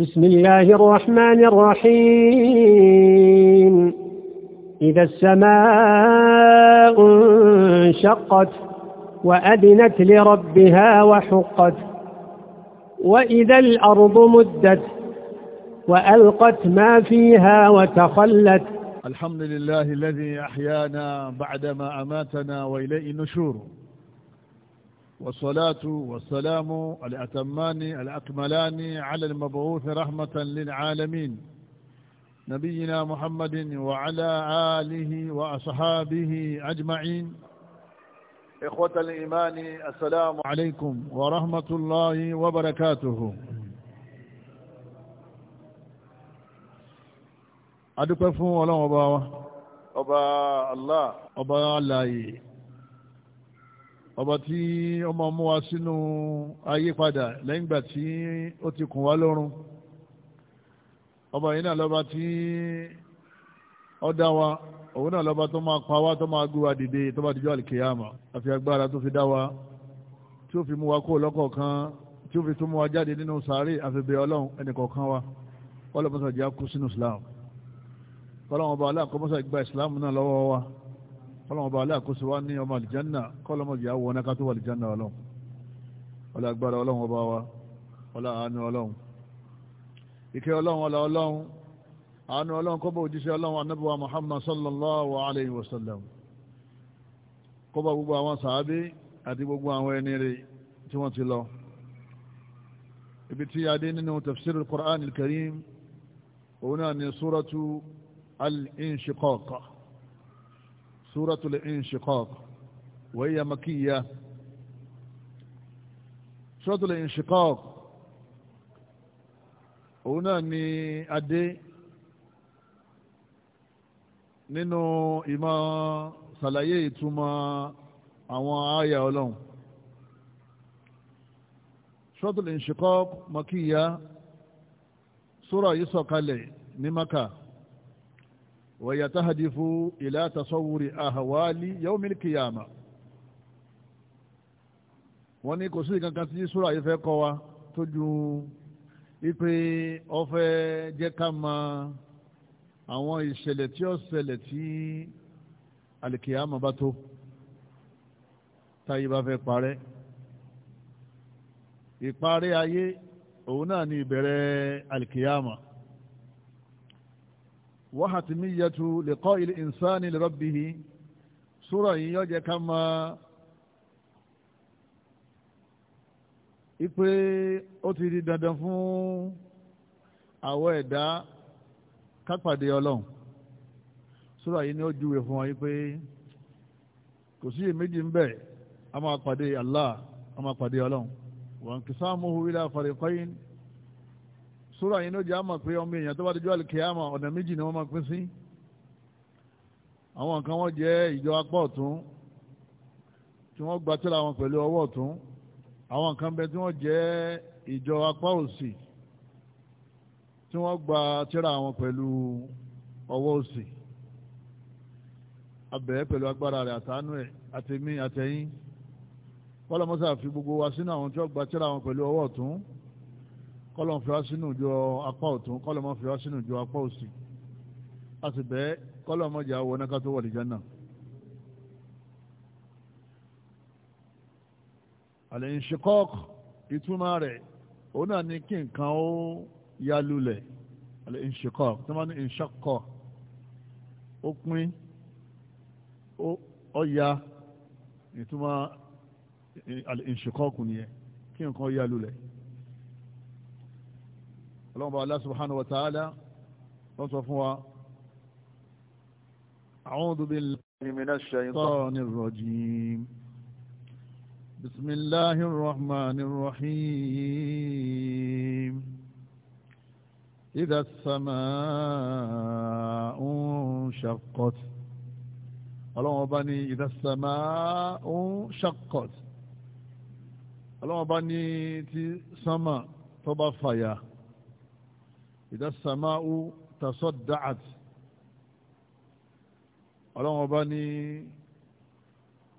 بسم الله الرحمن الرحيم إذا السماء انشقت وأذنت لربها وحقت وإذا الأرض مدت وألقت ما فيها وتخلت الحمد لله الذي أحيانا بعدما أماتنا وإليه النشور والصلاة والسلام الأتمان الأكملان على المبعوث رحمة للعالمين نبينا محمد وعلى آله وأصحابه أجمعين إخوة الإيمان السلام عليكم ورحمة الله وبركاته أدوك فون ولا أبا أبا الله أبا الله ọba tí ọmọ mú wa sínú ayé padà lẹ́yìn ìgbà tí ó ti kùn wá lọ́rùn ọba yìí náà lọ́ba tí ó dá wa òun náà lọ́ba tó máa pa wá tó máa gbé wa dìde tó bá dijọ́ àlìkèyàmà àfi agbára tó fi dá wa tí ó fi mú wa kó lọ́kọ̀ọ̀kan tí ó fi tún mú wa jáde nínú sàárè àfẹ́bẹ̀ ọlọ́run ẹnìkọ̀ọ̀kan wa ọlọ́mọsàjì á kú sínú islam kọ́lọ́mọba aláàkọ́mọsàjì gba islam náà lọ́wọ́ wa kọ́lọ́mọ bá aláàkóso wá ní ọmọ àlìjánà kọ́lọ́mọ yà wọ náà ká tó wà àlìjánà ọlọ́run ọlá agbára ọlọ́run ọba wa ọlá àánú ọlọ́run ìkẹ́ ọlọ́run ọlá ọlọ́run àánú ọlọ́run kọ́bọ̀ òjíṣẹ́ ọlọ́run anábọ̀wá Muhammad sallallahu alayhi wa sallam kọ́bọ̀ gbogbo àwọn sàábí àti gbogbo àwọn ẹni rẹ̀ tí wọ́n ti سورة الانشقاق وهي مكية سورة الانشقاق هنا أدي nínú ìmọ̀ ṣàlàyé ìtumọ̀ àwọn àyà ọlọ́run suratul inshiqaq makiyya sura yìí sọ̀kalẹ̀ ní maka ويتهدف إلى تصور أهوال يوم القيامة wọ́n ní kò sí ìkankan tí súra yìí fẹ́ kọ́ wa tó ju ipe ọfẹ́ jẹ́ ká mọ àwọn ìṣẹ̀lẹ̀ tí ó ṣẹlẹ̀ tí alìkìyàmà bá tó táyé bá fẹ́ parẹ́ ìparẹ́ ayé òun náà ni ìbẹ̀rẹ̀ alìkìyàmà وحتمية لقاء الإنسان لربه سورة يوجد كما ipe ó ti di dandan fún àwọn ẹ̀dá kápàdé ọlọ́run sura yìí ni ó júwe fún wọn pé kò sí èméjì ń bẹ a máa pàdé Allah a máa pàdé ọlọ́run wa inqisamuhu ila fariqayn Sura yìí ló jẹ́ àmọ̀ pé ọmọ èèyàn tó bá dojú àlùkìyámà ọ̀nà méjì ni wọ́n máa pín sí àwọn kan wọ́n jẹ́ ìjọ apá ọ̀tún tí wọ́n gba tírà wọn pẹ̀lú ọwọ́ ọ̀tún àwọn kan bẹ tí wọ́n jẹ́ ìjọ apá òsì tí wọ́n gba tírà wọn pẹ̀lú ọwọ́ òsì abẹ́ pẹ̀lú agbára rẹ̀ àtàánú ẹ̀ àtẹ̀mí àtẹ̀yìn kọ́lọ́mọ́sá fi gbogbo wa sínú àwọn tí wọ́n gba tírà wọn pẹ̀lú ọwọ́ ọ̀tún kọ́lọ̀ fi wá sínú ìjọ apá ọ̀tún kọ́lọ̀ mọ́ fi wá sínú ìjọ apá òsì a sì bẹ́ẹ̀ kọ́lọ̀ mọ́ jà wọ náà ká tó wà lìjánà. àlẹ́ ìṣekọ́k ìtumá rẹ̀ òun náà ní kí nǹkan ó ya lulẹ̀ àlẹ́ ìṣekọ́k tí wọ́n ní ìṣekọ́ ó pín ó ya ìtumá àlẹ́ ìṣekọ́k nìyẹn kí nǹkan ó ya lulẹ̀ ọlọ́run bá Allah subhanahu wa ta'ala ló sọ fún wa a'udhu billahi minash shaytanir rajim bismillahir rahmanir rahim idha as-sama'u shaqqat ọlọ́run ọba ní idha as ìdá sàmáù tasọ́dàt ọlọ́run ọba ní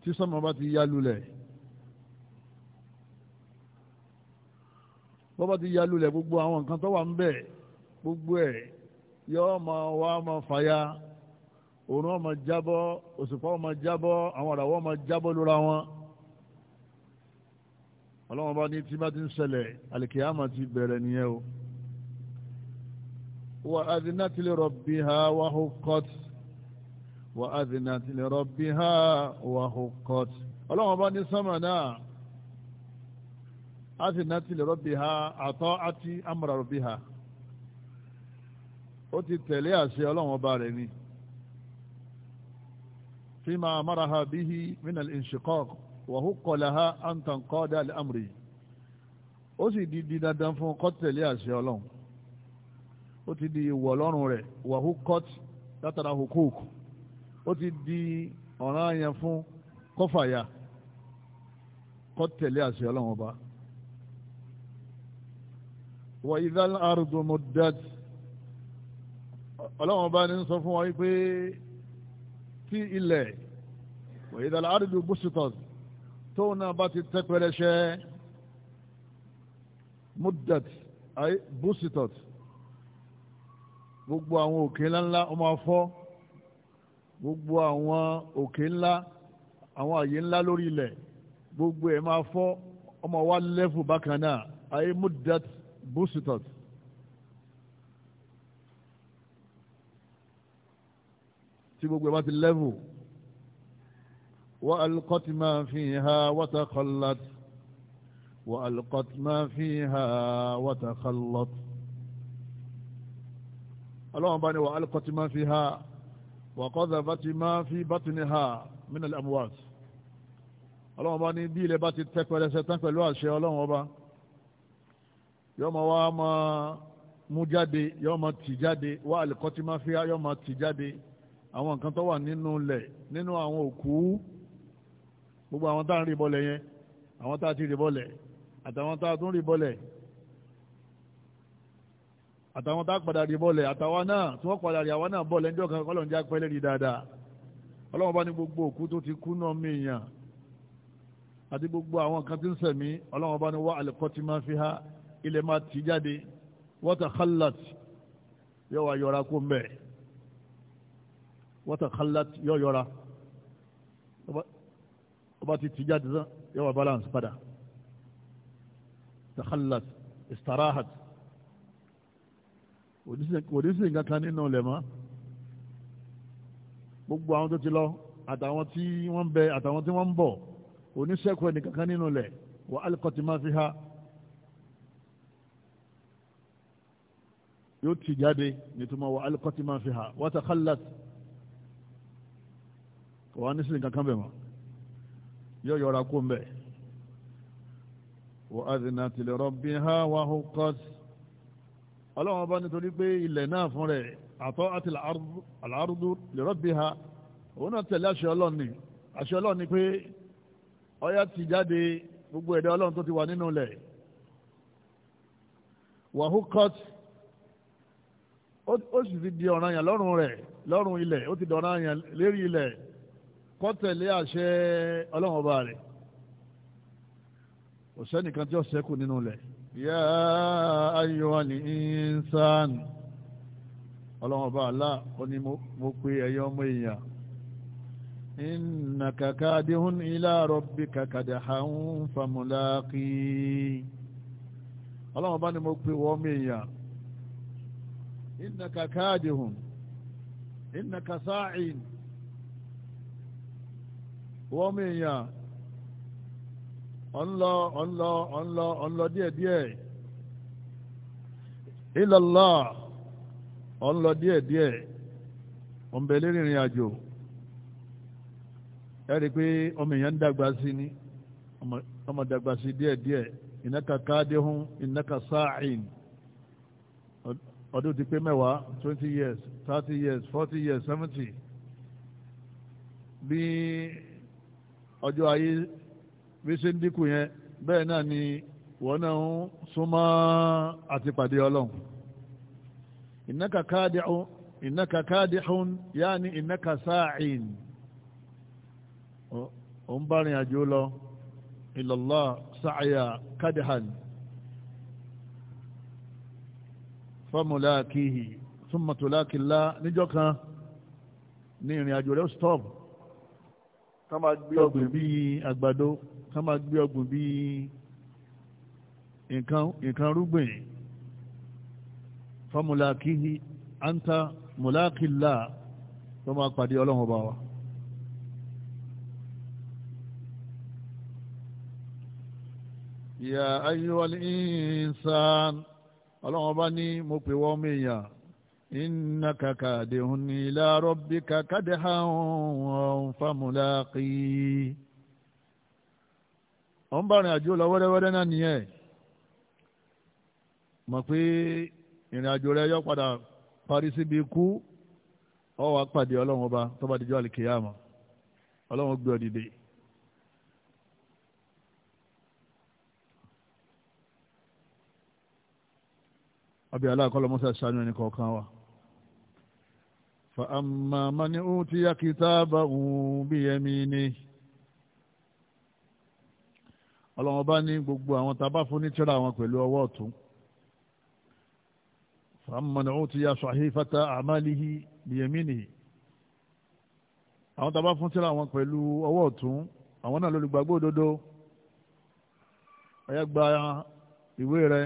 tí sọ́mọ bá ti yá lulẹ̀ bọ́ bá ti yá lulẹ̀ gbogbo àwọn nǹkan tó wà ń bẹ̀ gbogbo ẹ̀ yọ ọmọ wa ọmọ fàya òòrùn ọmọ jábọ́ òṣùpá ọmọ jábọ́ àwọn àràwọ̀ ọmọ jábọ́ lóra wọn ọlọ́run ọba ní tí bá ti ń ṣẹlẹ̀ àlìkèyàmọ̀ ti bẹ̀rẹ̀ nìyẹn o. وأذنت لربها وحقت وأذنت لربها وحقت ọlọ́run ọba ní sánmà náà أذنت لربها أطاعت أمر ربها ó ti tẹ̀lé àṣẹ ọlọ́run ọba rẹ̀ ni فيما أمرها به من الانشقاق وحق لها أن تنقاد لأمره ó sì di dandan fún kó tẹ̀lé àṣẹ ọlọ́run ó ti di ìwọ̀ lọ́rùn rẹ̀ wàhú court látara hukuk ó ti di ọ̀ràn yẹn fún kọfàyà kó tẹ̀lé àṣẹ ọlọ́run ọba. wà ìdálá àrùdùn muddat ọlọ́run ọba ní sọ fún wa pé tí ilẹ̀ wà ìdálá àrùdùn busitas tóun náà bá ti tẹ́ pẹrẹsẹ muddat ay gbogbo àwọn òkè ńláńlá ó máa fọ́ gbogbo àwọn òkè ńlá àwọn àyè ńlá lórí ilẹ̀ gbogbo ẹ̀ máa fọ́ ó máa wá bákan náà ayé mudat busitot. tí gbogbo ẹ̀ bá ti lẹ́fù wa alqat ma fiha wa takhallat wa alqat ma fiha wa takhallat ọlọ́run bá ní wà alqati ma fiha wà qadhabati ma fi batniha min al-amwat ọlọ́run bá ní bí ilẹ̀ bá ti tẹ́ pẹrẹsẹ tán pẹ̀lú àṣẹ ọlọ́run ọba yóò máa wá máa mú jáde yóò máa tì jáde wà alqati ma fiha yóò máa tì jáde àwọn nǹkan tó wà nínú lẹ̀ nínú àwọn òkú gbogbo àwọn tá à ń rí bọ́lẹ̀ yẹn àwọn tá a ti rí bọ́lẹ̀ àtàwọn tá a tún rí bọ́lẹ̀ àtàwọn tá padà rí bọ́ọ̀lẹ̀ àtàwọn náà tí wọ́n padà rí àwọn náà bọ́ọ̀lẹ̀ ńjọ́ kan ọlọ́run jẹ́ apẹ́lẹ́ rí dáadáa ọlọ́run bá ní gbogbo òkú tó ti kú náà mí èèyàn àti gbogbo àwọn kan tí ń sẹ̀mí ọlọ́run bá ní wá àlẹ́kọ́tì máa fi há ilẹ̀ máa tì jáde wọ́tà kálàt yóò wá yọra kó mbẹ́ wọ́tà kálàt yóò yọra ọba ti tì jáde tán yóò wá balance padà tà kálàt istarahat kò ní sí nǹkan kan nínú ilẹ̀ mọ́ gbogbo àwọn tó ti lọ àtàwọn tí wọ́n ń bẹ àtàwọn tí wọ́n ń bọ̀ kò ní sẹ́kù ẹnìkan kan nínú ilẹ̀ wà alqati ma fiha yóò ti jáde nítumọ̀ wà alqati ma fiha wa takhallat kò wá ní sí nǹkan bẹ̀ mọ́ yóò yọra kó ń bẹ̀ wa adhinat li rabbiha wa huqqat ọlọ́run ọba nítorí pé ilẹ̀ náà fún rẹ̀ àtọ́ àti àlárúdú li rabbiha òun náà tẹ̀lé àṣẹ ọlọ́run ni àṣẹ ọlọ́run ni pé ọyá ti jáde gbogbo ẹ̀dá ọlọ́run tó ti wà nínú ilẹ̀ wàhúkọ́t ó sì ti di ọ̀ràn yàn lọ́rùn rẹ̀ lọ́rùn ilẹ̀ ó ti di ọ̀ràn yàn lérí ilẹ̀ kó tẹ̀lé ọlọ́run ọba rẹ̀ kò sẹ́nìkan tí ó ṣẹ́kù nínú ilẹ̀ yáá ayuha al-insan ọlọ́run ọba àlá ó ní mo pe ẹ̀yọ́ ọmọ èèyàn innaka kadihun ila rabbika kadahan famulaqi ọlọ́run ọba ni mo pe wọ́n ọmọ èèyàn innaka kadihun innaka sa'in wọ́n ọmọ èèyàn ọ̀nlọ ọ̀nlọ ọ̀nlọ ọ̀nlọ díẹ̀díẹ̀ ilàlá ọ̀n lọ díẹ̀díẹ̀ ọ̀nbẹ̀lẹ̀ rìnrìn àjò ẹ̀rí pé ọmọ èèyàn ń dàgbà sí ni ọmọ dàgbà sí díẹ̀díẹ̀ ìnáka káàdéhùn ìnáka sáàìn ọdún ti pé twenty years thirty years forty years seventy bí ọjọ́ ayé bí ṣe ń dínkù yẹn bẹ́ẹ̀ náà ni wọ́n náà ń súnmọ́ àti pàdé ọlọ́run ìnáka káàdìhún ìnáka káàdìhún yáà ní ìnáka sáàìn ó ń bá rìn àjò lọ ìlọ́lá sáàyà káàdìhàn fọ́mùláàkìhì súnmọ̀tòláàkìlá níjọ́ kan ní ìrìn àjò rẹ̀ stop ká máa gbé ọgbìn bíi àgbàdo ká máa gbé ọgbìn bíi nǹkan rúgbìn fọmùlákìhì anta mùlákìlá tó máa pàdé ọlọ́run ọba wa. ìyá ayyuhal insan ọlọ́run ọba ní mo pè wọ́n mẹ́yàn innaka kadihun ila rabbika kadhan famulaqi. ọ̀n bá rìn àjò lọ wẹ́rẹ́wẹ́rẹ́ náà nìyẹn mọ̀ pé ìrìn àjò rẹ yọ padà parí síbi ikú ọ wàá ọlọ́run ọba tó bá dijọ́ àlìkèyàmọ̀ ọlọ́run gbé ọ dìde. abi aláàkọ́ lọ́mọ́sá ṣáánú ẹni kọ̀ọ̀kan wa. fa'amma man utiya kitabahu biyaminihi. ọlọ́run ọba ní gbogbo àwọn tá fún ní tírà wọn pẹ̀lú ọwọ́ ọ̀tún. mmanụ من أوتي صحيفة أعماله بيمينه àwọn tàbá fún tíra wọn pẹ̀lú ọwọ́ ọ̀tún àwọn náà lólùgbàgbọ́ òdodo ọ̀yá ìwé rẹ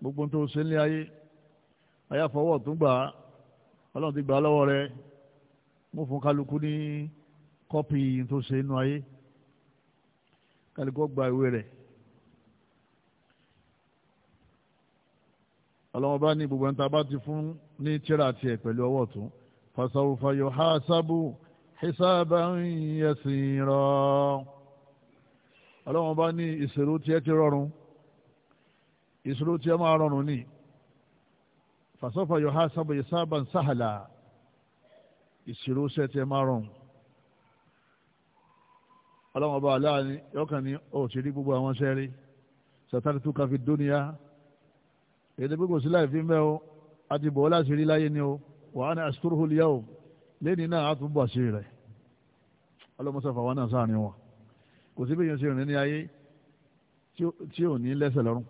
gbogbo tó ṣe nílé ayé ọ̀yá fọwọ́ ọ̀tún gbà ọlọ́run ti gbà lọ́wọ́ rẹ mú fún kálukú ní kọ́pì tó ṣe inú ayé kálukú gba ìwé rẹ. ọlọ́wọ́n bá ní gbogbo ẹ̀ńtà bá ti fún ní tíra tiẹ̀ pẹ̀lú ọwọ́ ọ̀tún fasawfa yuhasabu hisaban yasira ọlọ́wọ́n bá ní ìṣòro tiẹ̀ ti rọrùn ìṣòro tiẹ̀ máa rọrùn ní fasawfa yuhasabu hisaban sahla ìṣòro tiẹ̀ tiẹ̀ máa rọrùn ọlọ́wọ́n bá aláàánú yọkàn ní ọ̀ọ́ rí gbogbo àwọn sẹ́rí sàtàlítù káfí dúnìyà èdè pé kò sí láì fi mẹ́ o àti bọ̀ láti rí láyé ni o wàá ní asitúrúhù lìyà o lẹ́ni náà á tún bọ̀ sí rẹ̀ ọlọ́mọsàfà wa náà sáà ni wọn kò sí bẹ́yẹn sí rìn ní ayé tí ò ní lẹ́sẹ̀ lọ́rùn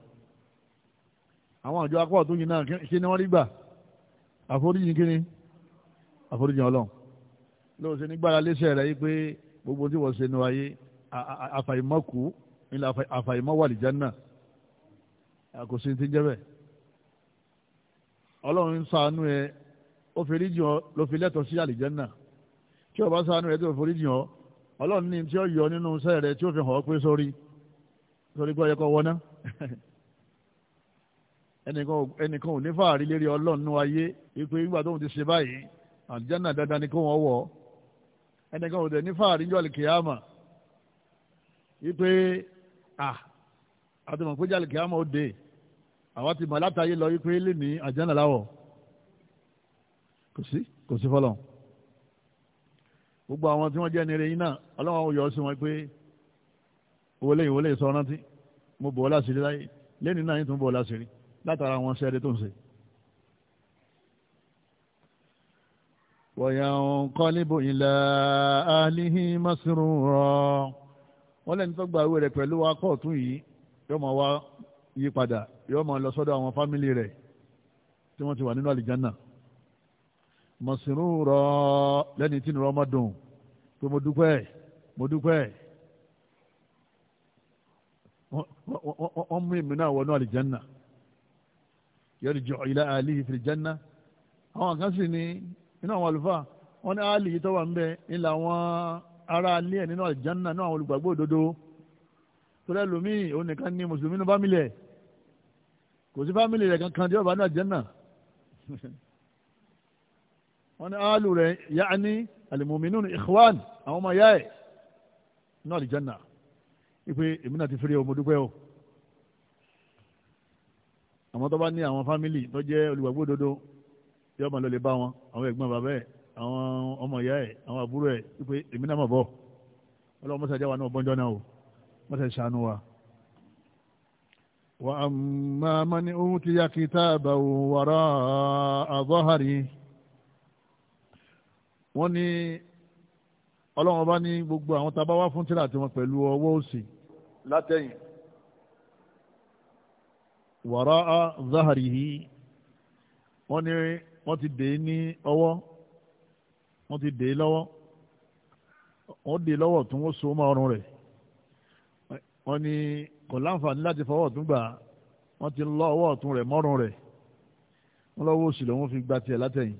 àwọn àjọ akọ́ ọ̀tún yìí náà kí ni wọ́n rí gbà àforíjì kí ni àforíjì ọlọ́run lóò ṣe nígbàrá léṣẹ́ rẹ̀ yí pé gbogbo tí wọ́n ṣe nu ayé àfàìmọ́kù ilẹ̀ àfàìmọ́wàlìjánà kò sí ti jẹ́ bẹ́ẹ̀ ọlọ́run ń ṣàánú ẹ ó forí jìn ọ́ ló fi lẹ́tọ̀ọ́ sí àlìjẹ́nà tí ó bá ṣàánú ẹ tó forí jìn ọ́ ọlọ́run ní tí ó yọ nínú iṣẹ́ rẹ tí ó fi hàn ọ́ pé sórí sórí pé ọyẹ kọ́ wọná ẹnìkan ò ní fàárí lérí ọlọ́run nú ayé wípé ìgbà tóun ti ṣe báyìí àlìjẹ́nà dandan ni kó wọ́n wọ̀ ẹnìkan ò dẹ̀ ní fàárí jọ́ àlìkìyàmà wípé à àtọmọ̀ pé jàlìkìyàmà ó dé àwọn ti mọ̀ látàyè lọ wípé lè ní àjẹ́nà láwọ̀ kò sí kò sí fọlọ́ gbogbo àwọn tí wọ́n jẹ́ ní yín náà ọlọ́wọ́n yọ sí wọn pé owó lẹ́yìn owó lẹ́yìn sọ rántí mo bọ̀ ọ́ láṣìírí láyé lẹ́ni náà yín tún bọ̀ ọ́ láṣìírí látara àwọn sẹ́ẹ̀dẹ́ tó ń ṣe. wọ̀yàǹkọ́líbò ìlà àlìhí mọ́sírù rọ̀ wọ́n lẹ́ni tó gba ìwé rẹ̀ pẹ̀lú akọ́ọ̀tún yìí yóò máa wá yí padà yóò máa lọ sọ́dọ̀ àwọn fámìlì rẹ̀ tí wọ́n ti wà nínú àlìjánà mọ̀sìnrún rọ lẹ́ni tí nìrọ̀ máa dùn pé mo dúpẹ́ mo dúpẹ́ wọ́n mú ìmì náà wọnú àlìjánà yarji'u ila alihi fil janna àwọn kan sì ní inú àwọn àlùfáà wọ́n ní àlì yìí tó wà ń bẹ ńlá wọn ará alẹ́ nínú àlìjánà náà àwọn olùgbàgbọ́ òdodo tó lẹ́lòmíì òun nìkan ní mùsùlùmí ní bámílẹ̀ kò sí fámìlì rẹ̀ kankan tí ọba náà jẹ́ náà wọ́n ní áálù rẹ̀ yaani alimominu ikhwan àwọn ọmọ ìyá ẹ̀ náà lè jẹ́ náà ipe èmi náà ti fẹ́rẹ̀ ọmọ dúpẹ́ o àwọn tó bá ní àwọn fámìlì tó jẹ́ olùgbàgbọ́ òdodo yóò máa lọ lè bá wọn àwọn ẹ̀gbọ́n bàbá ẹ̀ àwọn ọmọ ìyá àwọn àbúrò ẹ̀ ipe èmi náà mọ̀ bọ́ ọlọ́run mọ́sàájá wa náà bọ́njọ́ náà o mọ́sàájá ṣàánú wa. وأما من أوتي كتابه وراء ظهري، wọ́n ní ọlọ́run ọba ní gbogbo àwọn tábà wá fún tíra tiwọn pẹ̀lú ọwọ́ òsì látẹ̀yìn wàrà zahari yìí wọ́n ní wọ́n ti dè é ní ọwọ́ wọ́n ti dè é lọ́wọ́ wọ́n dè é lọ́wọ́ tó wọ́n so mọ́ ọrùn rẹ̀ wọ́n ní kò láǹfààní láti fọwọ́ ọ̀tún gbà wọ́n ti lọ ọwọ́ ọ̀tún rẹ̀ mọ́rùn rẹ̀ wọ́n lọ́wọ́ òsì lòun fi gba tiẹ̀ látẹ̀yìn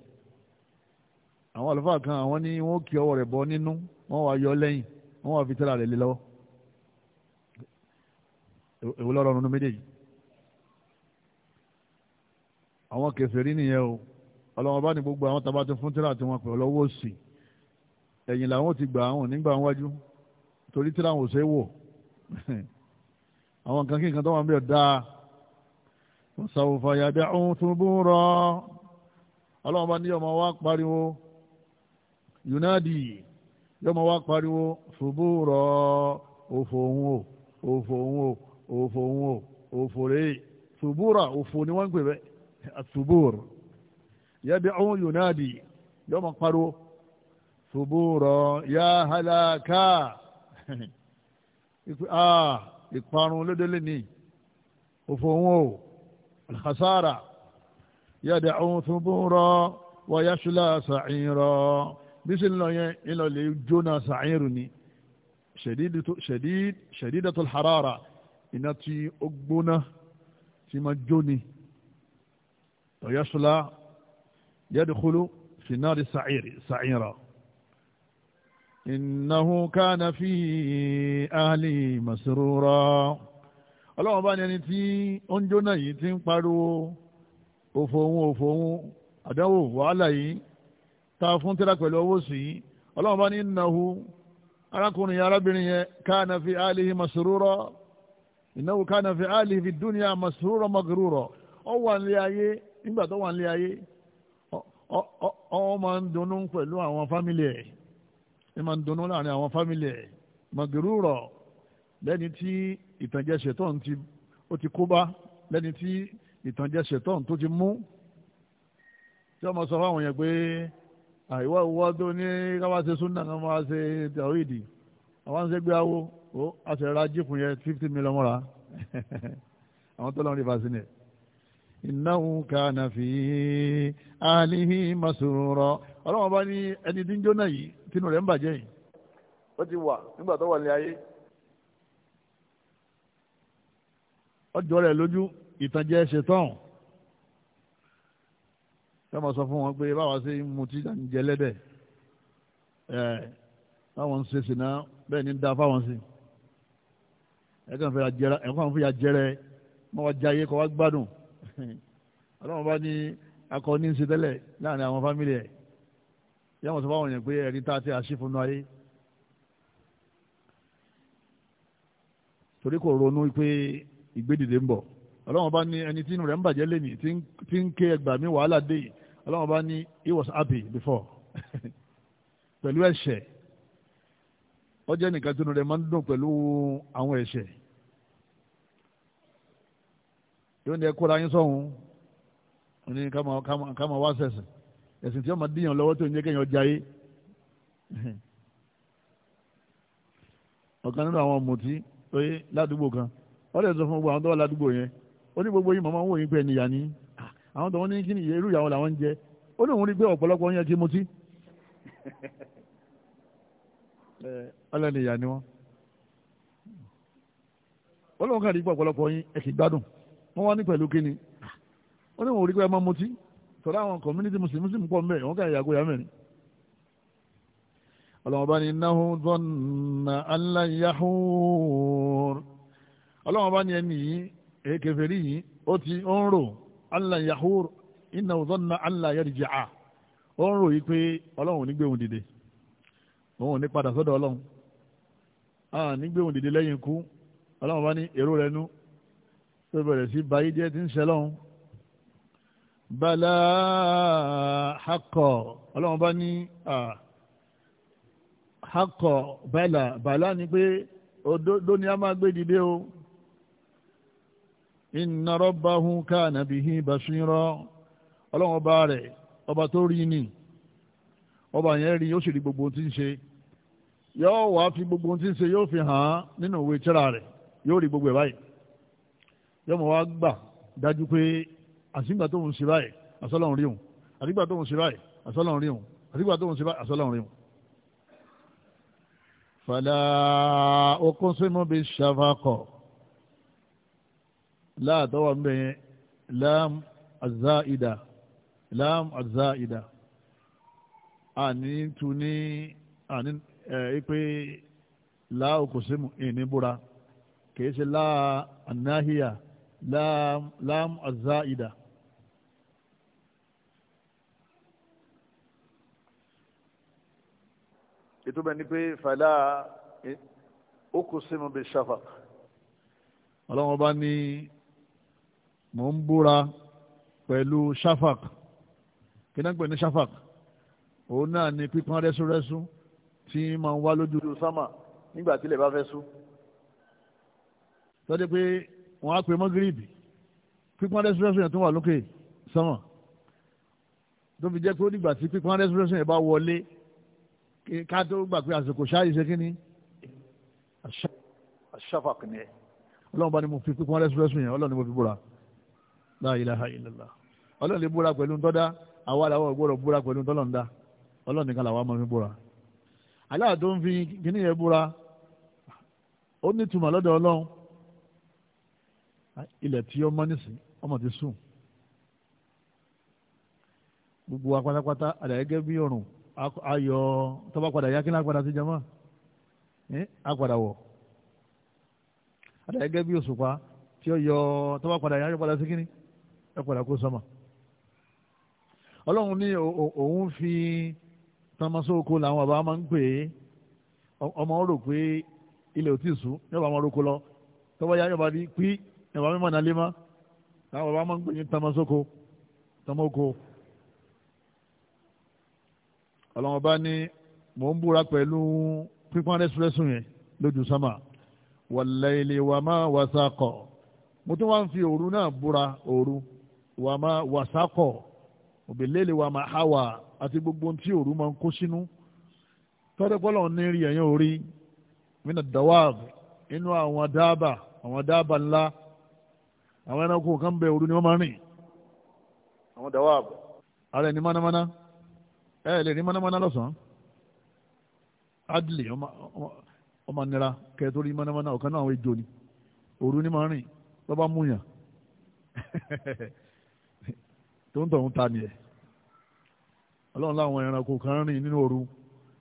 àwọn àlùfáà kan àwọn ní wọ́n kí ọwọ́ rẹ̀ bọ́ nínú wọ́n wá yọ lẹ́yìn wọ́n wá fi tẹ́lá rẹ̀ lé lọ́wọ́ èwo lọ́rọ̀ nínú méjèèjì àwọn kèfèrí nìyẹn o ọlọ́wọ́n bá ní gbogbo àwọn tàbá ti fún tẹ́lá tí wọ́n pè ọlọ́wọ́ òsì ẹ̀yìn làwọn ti gbà àwọn nígbà wájú torí tẹ́lá wọn ò ṣe é wò àwọn nǹkan kí nǹkan tó wà ń bẹ̀ dáa wọ́n sàwòfà yàdá ohun tó bó ń rọ ọlọ́run bá ní ọmọ wa pariwo yunadi yọmọ wa pariwo ṣubú rọ òfò òun o òfò òun o òfò òun o òfò rèé ṣubú rà òfò ni wọ́n ń pè bẹ́ẹ̀ ṣubú rọ yàdá ohun yunadi yọmọ pariwo ṣubú rọ yà hàlàkà ìparun lódélé ní òfò wọn o alhasara yàda ohun tó bó ń rọ wọ́yá ṣúlá sàáyìn rọ bí sí lọ yẹn ilọ̀ lè jóná sàáyìn rù ní ṣẹ̀dídàtul harara iná tí ó gbóná tí ma jóni wọ́yá ṣúlá yàdùkúlù fi náà di rọ. innahu kana fi ahli masrura ọlọ́run bá ní ẹni tí ó ń jóná yìí ti ń pariwo òfòun òfòun àdánwò wàhálà yìí ta fún tíra pẹ̀lú owó sí i ọlọ́run bá ní innahu arákùnrin arábìnrin yẹn kana fi ahlihi masrura fi ahlihi fi dunya masrura magrura ọ wà nílé ayé nígbà tó wà nílé ayé ọ ọ ọ máa ń dunnú pẹ̀lú àwọn fámìlì ẹ̀ ní máa ń dunnú láàrin àwọn fámìlì ẹ̀ màgìrúrọ̀ lẹ́ni tí ìtànjẹ ṣètọ́n ti ó ti kó bá lẹ́ni tí ìtànjẹ ṣètọ́n tó ti mú tí wọ́n máa sọ fáwọn yẹn pé àìwá ìwọ́ tó ní káwá ṣe súnà ká máa ṣe tàwídì àwọn ń ṣe gbé awo ó àṣẹra jípùn yẹn fifty million mọ́ra àwọn tó lọ́n rí bá sílẹ̀. innahu kana fi alihi masura ọlọ́wọ́n bá ní ẹni tí ń jóná yìí tinú rẹ̀ ń bàjẹ́ yìí ó ti wà nígbà tó wà ní ayé ọjọ́ rẹ̀ lójú ìtànjẹ ṣetán ṣé mo sọ fún wọn pé báwa ṣe ń mutí jẹ lẹ́dẹ̀ ẹ̀ báwọn ń ṣe ṣìnà bẹ́ẹ̀ ni ń da fáwọn sí ẹ̀ kàn fún ya jẹrẹ mọ́ wa jayé kọ́ wa gbádùn ọlọ́wọ́n bá ní akọni ń ṣe tẹ́lẹ̀ láàrin àwọn fámìlì ẹ̀ yẹ́n wọ́n sọ fáwọn èèyàn pé ẹ̀rí tá a ti àṣìfúnú ayé torí kò ronú pé ìgbédìde ń bọ̀ ọlọ́run bá ní ẹni tí inú rẹ̀ ń bàjẹ́ lẹ́nì tí ń ké ẹgbàá mi wàhálà dé yìí ọlọ́run bá ní he was happy before pẹ̀lú ẹ̀ṣẹ̀ ó jẹ́ nìkan tí inú rẹ̀ máa ń dùn pẹ̀lú àwọn ẹ̀ṣẹ̀ yóò ní ẹ kóra yín sọ́hun ní ká máa wá sẹ̀sìn ẹ̀sìn tí wọ́n máa díyàn lọ́wọ́ tó ń jẹ́ kéèyàn jayé ọ̀kan nínú àwọn ọ̀mùtí oyé ládùúgbò kan wọ́n lè sọ fún gbogbo àwọn tó wà ládùúgbò yẹn ó ní gbogbo yìí màmá ń wò yín pé ẹnìyà ni ah, àwọn tó wọ́n ní kí ni irú ìyàwó làwọn ń jẹ ó ní òun rí pé ọ̀pọ̀lọpọ̀ yẹn ti mutí ọlọ́ni ìyà ni wọ́n ó lóun kàn rí pé ọ̀pọ̀lọpọ̀ yín ẹ̀ gbádùn wọ́n wá ní pẹ̀lú kíni ah, ó ní òun rí pé ẹ máa mutí tọ́lá àwọn community muslim sì ń pọ̀ mbẹ́ wọ́n kàn yàgò yà mẹ́rin. ọlọ́wọ́n bá ní ináhu dọ́nà aláyàhùr ọlọ́wọ́n bá ní ẹni yìí èké fèrè yìí ó ti ń rò aláyàhùr ináhu dọ́nà aláyàrìjà ó ń rò yìí pé ọlọ́run ò ní gbé dìde òun ò ní padà sọ́dọ̀ ọlọ́run ní gbé dìde lẹ́yìn ikú ọlọ́run bá ní èrò rẹ nú tó bẹ̀rẹ̀ sí bayé ti ń ṣẹlọ́run bala hakọ̀ ọlọ́run bá ní bala bala ni pé ni a máa gbé dìde o ọlọ́run rẹ̀ ọba tó rí ni ọba yẹn rí gbogbo tí ń ṣe yóò wá fi gbogbo tí ń ṣe yóò fi hàn án nínú rẹ̀ yóò rí gbogbo ẹ̀ báyìí yóò mọ̀ wá gbà dájú pé àtìgbà tó ń ṣe báyìí àsọ́lọ́run rí òun àtìgbà tó ń ṣe báyìí àsọ́lọ́run rí òun àtìgbà tó ń ṣe báyìí àsọ́lọ́run rí òun. fàlà uqsimu bish-shafaq láàtọ́wà ń bẹ̀ yẹn lam az-zaida lam az-zaida àní tu ní àní ẹ pé láà uqsimu ìní búra kì ṣe láà anáhìyà láàm az-zaida. ìtumọ̀ ni pé fàlà ó kù sínú bí ṣàfà. ọlọ́run bá ní mò ń búra pẹ̀lú ṣàfàk kí náà pè ní ṣàfàk òun náà ni pípọ́n rẹ́súrẹ́sú tí máa ń wá lójú sámà nígbà tí ilẹ̀ bá fẹ́ sú. tọ́jú pé wọ́n á pe mọ́gírìbì pípọ́n rẹ́súrẹ́sú yẹn tó wà lókè sámà tó fi jẹ́ pé nígbà tí pípọ́n rẹ́súrẹ́sú yẹn bá wọlé ká tó gbà pé àsìkò ṣáà yìí ṣe kí ni aṣafaq ni ẹ ọlọ́run bá ní mo fi pípọ́n rẹ́sùrẹ́sù yẹn ọlọ́run ni mo fi búra la ilaha illallah ọlọ́run lè búra pẹ̀lú ntọ́dá àwa làwọn ògbọ́dọ̀ búra pẹ̀lú ntọ́lọ́ndá ọlọ́run nìkan làwọn máa fi búra aláà tó ń fi kíní yẹn búra ó ní tùmọ̀ lọ́dọ̀ ọlọ́run ilẹ̀ tí ọmọ nísì ọmọ ti sùn gbogbo ayọ̀ tọ́ba padà yá kí náà padà sí jama á padà wọ̀ àtàgẹ́gẹ́ bí òṣùpá tí ó yọ tọ́ba padà yá yọ padà sí kíní ẹ padà kó sọmọ ọlọ́run ní òun fi tamasóko làwọn bàbá máa ń pè é ọmọ rò pé ilẹ̀ ò tí ì sùn yọba máa roko lọ tọ́ba yá yọba di pí yọba mímọ́ náà lé má làwọn bàbá máa ń pè é tamasóko tamoko ọlọ́run bá ní mò ń búra pẹ̀lú pípọ́n rẹ́sùrẹ́sùn yẹn lójú sánmà wàlẹ́lẹ̀ wà má wàsákọ̀ mo tún wá ń fi òru náà búra òru wà má wàsákọ̀ òbẹ̀lẹ́lẹ̀ wà má hàwà àti gbogbo tí òru máa ń kó sínú tọ́dẹ́pọ́lọ́ ní rí ẹ̀yìn orí mina dawab inú àwọn dáàbà àwọn dáàbà ńlá àwọn ẹranko kan bẹ òru ni wọ́n máa rìn àwọn dawab ara ẹni mánámáná. E lè rí mọ́nàmọ́ná lọ́sàn-án ọmọ nira kẹ́ẹ̀tọ́ rí mọ́nàmọ́ná àwọn ni òru ni máa rìn lọ́ba múyàn tó ń tọ̀hún ta nìyẹn ọlọ́run láwọn ẹranko kan rìn nínú òru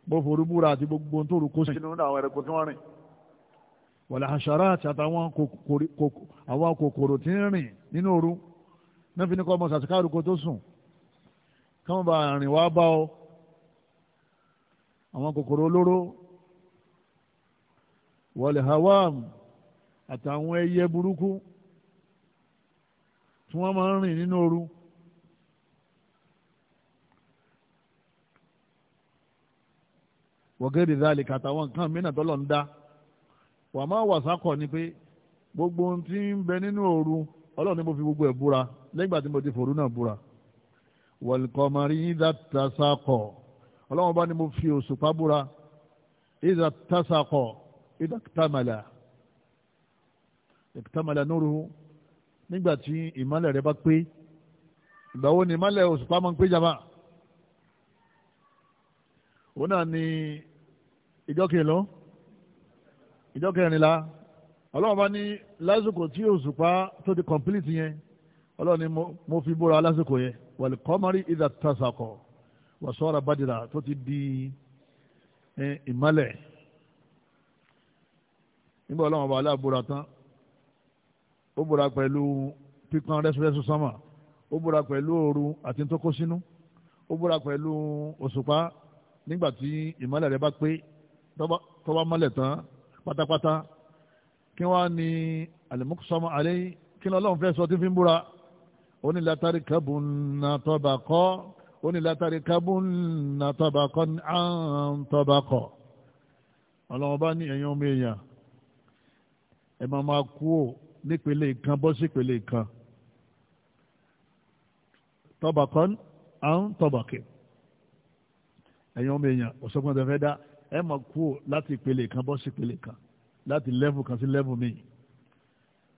bó forú búra àti gbogbo tó rú kó sí nínú àwọn ẹranko tí wọ́n rìn wàlẹ̀ àti àtàwọn kòkòrò tí ń rìn nínú òru náà fi ní káwọn bá rìn wá bá ọ àwọn kòkòrò olóró wọlé hawam àtàwọn ẹyẹ burúkú tí wọ́n máa ń rìn nínú ooru. wọ́gẹ́rì dáàlì kàtàwọn nǹkan mìíràn tọ́lọ̀ ń dá wà máa wà sákọ̀ ni pé gbogbo ohun tí ń bẹ nínú ooru ni gbogbo búra tí mo ti fòrú wọ̀lùkọ̀mọ̀rí ìdá tasakọ̀ ọlọ́run bá ní mo fi òṣùpá búra ìdá tasakọ̀ ìdá tamala tamala nóru nígbà tí ìmọ̀lẹ̀ rẹ bá pé ìgbà wo ni ìmọ̀lẹ̀ òṣùpá máa ń pé jama òun náà ni ìjọ kìlọ́ ìjọ kẹrìnlá ọlọ́run bá ní lásìkò tí òṣùpá tó di complete yẹn ọlọ́run ni mo fi búra lásìkò yẹn wàlùkọ́mọ́rí ìdá tasakọ̀ wàsọ́ra bàdìrà tó ti di ìmọ́lẹ̀ nígbà ọlọ́run ọba aláàbúra tán ó búra pẹ̀lú pípọ́n rẹ́sùrẹ́sù sánmà ó búra pẹ̀lú ooru àti tó kó sínú ó búra pẹ̀lú òṣùpá nígbà tí ìmọ́lẹ̀ rẹ̀ bá pé tó bá mọ́lẹ̀ tán pátápátá kí wọ́n á ní àlùmọ́kùsọ́mọ́ àlẹ́ kí ni ọlọ́run fẹ́ sọ tí fi ń búra ó ní látàrí kábùn na tọ́ba kọ́ ó ní látàrí kábùn na tọ́ba kọ́ ní àwọn tọ́ba kọ́ ọlọ́wọ́n bá ní ẹ̀yàn ọmọ èèyàn ẹ máa máa kú ò nípele kan bọ́ sípele kan tọ́ba kọ́ ní àwọn tọ́ba kẹ́ ẹ̀yàn ọmọ dá ẹ máa kú ò láti ìpele kan bọ́ sípele kan láti lẹ́fù kan sí lẹ́fù míì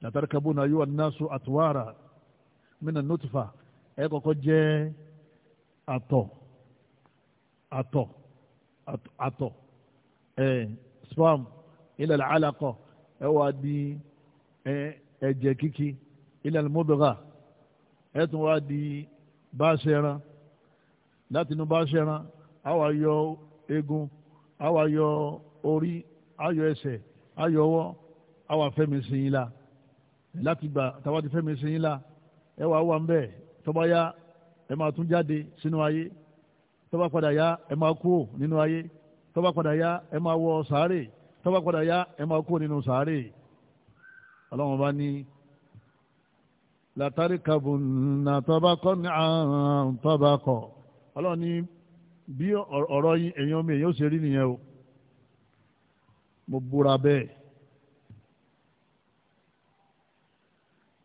látàrí kábùn na yóò náà sọ àtúwárà mina nutfa ẹ kọ́kọ́ jẹ́ àtọ̀ àtọ̀ àtọ̀ ẹ sperm ilal alaqa ẹ wá di ẹ̀jẹ̀ kíkì ilal mudgha ẹ tún wá di bá a láti inú bá a ṣe yọ egun a wá yọ orí a yọ ẹsẹ̀ a yọ ọwọ́ a wá fẹ́mi sí la láti gbà táwa ti fẹ́mi sí la ẹ wà wà ń bẹ̀ tó bá yá ẹ máa tún jáde sínú ayé tó bá padà yá ẹ máa kú nínú ayé tó bá padà yá ẹ máa wọ sàárè tó bá padà yá ẹ máa kú nínú sàárè ọlọ́run bá ní látàrí kabùnà tọ́bakọ́ ní àrùn tọ́bakọ́ ọlọ́run ní bí ọ̀rọ̀ yín èèyàn mi èèyàn ó ṣe rí nìyẹn o mo búra bẹ́ẹ̀.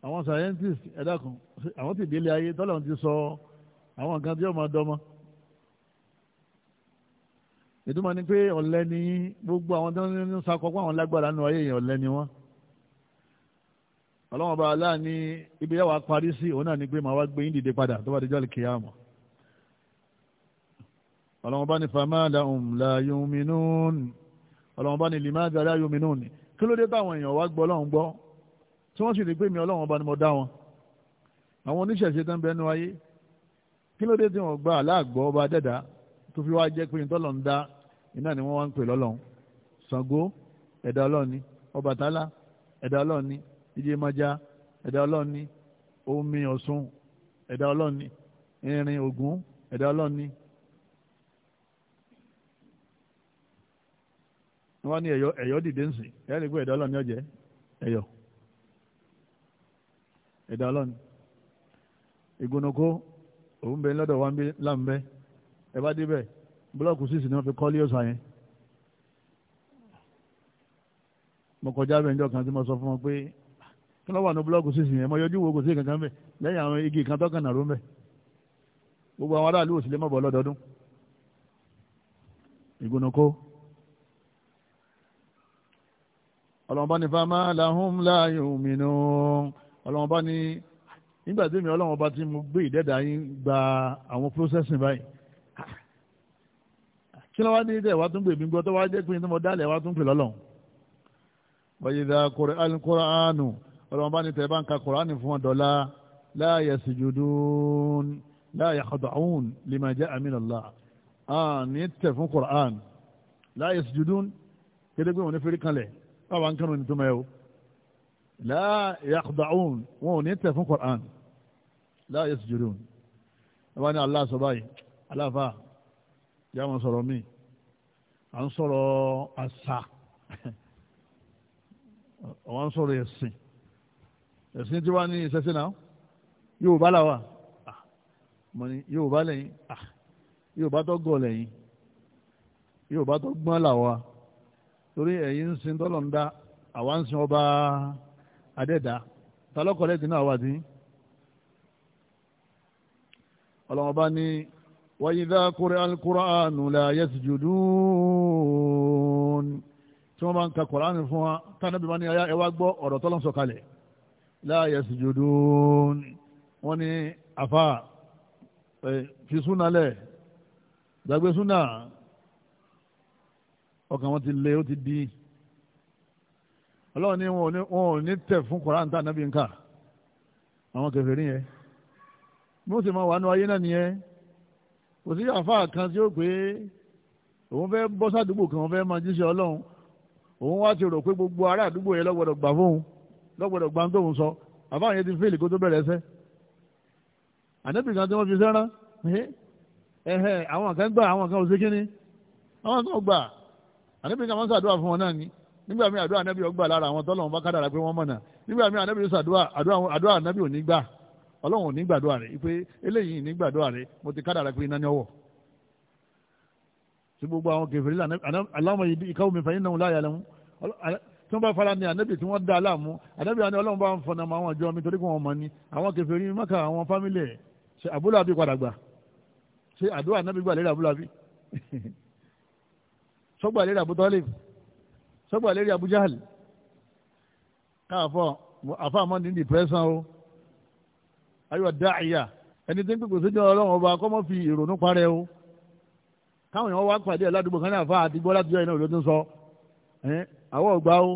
àwọn scientist ẹ̀dá kan àwọn ti délé ayé tọ́lá ti sọ àwọn nǹkan tí yóò máa dọ́mọ́ ìtumọ̀ ni pé ọ̀lẹ ni gbogbo àwọn tó ń sakọ pé àwọn lágbára nù ayé yẹn ọ̀lẹ ni wọ́n ọlọ́wọ́n bá aláà ní ibi yàwó parí sí òun náà ni pé màá wá gbé yín dìde padà tó bá dijọ́ kìyàmù ọlọ́wọ́n bá ní famada um la yuminun ọlọ́wọ́n bá ní limada la yuminun kí ló dé táwọn èèyàn wá gbọ́ lọ́hùn gbọ́ tí wọ́n sì rí pé mi ọlọ́run ọba ni mo dá wọn àwọn oníṣẹ̀ṣe tó ń bẹnu ayé kí ló dé tí wọ́n gba aláàgbọ̀ ọba dẹ́dá tó fi wá jẹ́ pé ntọ́lọ̀ ń dá iná ni wọ́n wá ń pè lọ́lọ́run Ṣàngó ẹ̀dá ọlọ́run ni Ọbàtálá ẹ̀dá ọlọ́run ni Ijemaja ẹ̀dá ọlọ́run omi Ọ̀ṣun ẹ̀dá ọlọ́run ni irin Ògún ẹ̀dá ọlọ́run ni wọ́n ní ẹ̀yọ́ dìde ń sìn ẹ̀yọ́ dìde ẹ̀dá ẹ̀yọ́ ẹ̀dá ọlọ́ni ìgbónokó òun bẹ lọ́dọ̀ wa láǹbẹ́ ẹ bá débẹ̀ búlọ́ọ̀kù sísì ni wọ́n fi kọ́lé ọ̀sán yẹn mo kọjá bẹ́ẹ̀ níjọ́ kan tí mo sọ fún wọn pé kí lọ́wọ́ àná búlọ́ọ̀kù sísì yẹn mo yọjú wo kò sí kankan bẹ́ẹ̀ lẹ́yìn àwọn igi kan tọ́kàn nàró bẹ́ẹ̀ gbogbo àwọn aráàlú òsì lè mọ̀ bọ̀ lọ́dọọdún ìgbónokó ọlọ́mọbánifá máa làhùn láàyò mìíràn ọlọ́run bá ní nígbà tí mi ọlọ́run bá ti mo gbé ìdẹ́dà yín gba àwọn processing báyìí kí ló wá ní ìdẹ́ wa tún gbèmí gbọ́ tó wá jẹ́ pé ní mo dálẹ̀ wa tún pè lọ́lọ́run wàyídà alukóraánù ọlọ́run bá ní tẹ̀ bá ń ka kóraánì fún ọ̀dọ́lá láàyè sìjúdún láàyè àkọ́dọ̀ọ́hún lè máa jẹ́ àmì tẹ̀ fún kóraánì la yakhda'un wọn ò ní tẹ̀ fún Qur'an la yasjudun ẹ̀wá ni Allah sọ báyìí aláfa yà wọn sọ̀rọ̀ mí à ń sọ̀rọ̀ àṣà àwọn ń sọ̀rọ̀ ẹ̀sìn ẹ̀sìn tí wàá ní ìṣẹ́sìn náà Yorùbá làwà ah, mo ní Yorùbá lẹ́yìn ah, Yorùbá tó gọ̀ lẹ́yìn Yorùbá tó gbọ́n làwà torí ẹ̀yin ń sin tọ́lọ̀ ń dá àwa ń sin ọba adẹ́dá talọ́kọ̀ lẹ́tì náà wà dín ọlọ́wọ́n bá ní wa idha quri'a al-Qur'anu la yasjudun tí wọ́n bá ń ka Kùránì fún wa tánàbí bá ní ayá ẹwà gbọ́ ọ̀rọ̀ tọ́lọ́n sọ̀kalẹ̀ la yasjudun wọ́n ní àfà fi súnà lẹ̀ gbàgbé súnà ọkàn wọn ti le ó ti di ọlọ́run ní wọn ò ní tẹ̀ fún koran tá ànábì ń kà àwọn kèfèrí yẹn bí wọ́n sì máa wà nù ayé náà nìyẹn kò sí àfáà kan tí ó pé òun fẹ́ bọ́ sádùúgbò kan òun fẹ́ máa jíṣẹ́ ọlọ́run òun wá ti rò pé gbogbo ará àdúgbò yẹn lọ́gbọ̀dọ̀ gbà fóun lọ́gbọ̀dọ̀ gbà tóun sọ àfáà yẹn ti fèèlì kó tó bẹ̀rẹ̀ ẹsẹ̀ ànábì kan tí wọ́n fi sẹ́rán ẹ̀hẹ̀ àwọn kan gbà àwọn kan ò sí kíní nígbà míì àdúrà anábì ọgbà lára àwọn tọ́lọ́run bá kádàrà pé wọ́n mọ̀nà nígbà míì anábì yóò sàdúrà àdúrà anábì ò ní gbà ọlọ́run ò ní gbàdúrà rẹ̀ pé eléyìí ní gbàdúrà rẹ̀ mo ti kádàrà pé iná ní ọwọ́ tí gbogbo àwọn kèfèrí aláwọ̀ yìí ìkáwọ́ mi fẹ̀yìn náà láyà lẹ́mú tí wọ́n bá fara ní ànábì tí wọ́n dá aláàmú ànábì àni ọlọ́run bá ń fọnà mọ́ àwọn àjọ mi torí pé wọ́n sọ́gbà lérí Abu Jahal káàfọ́ àfàmọ́ ní depression o ayọ̀ dáìyà ẹni tí ń pèpè sójú ọlọ́run ọba kọ́mọ́ fi ìrònú parẹ́ o káwọn èèyàn wá pàdé ẹ̀ ládùúgbò kan ní àfa àti gbọ́ láti jọ iná òjò tó ń àwọ̀ ọ̀gbá o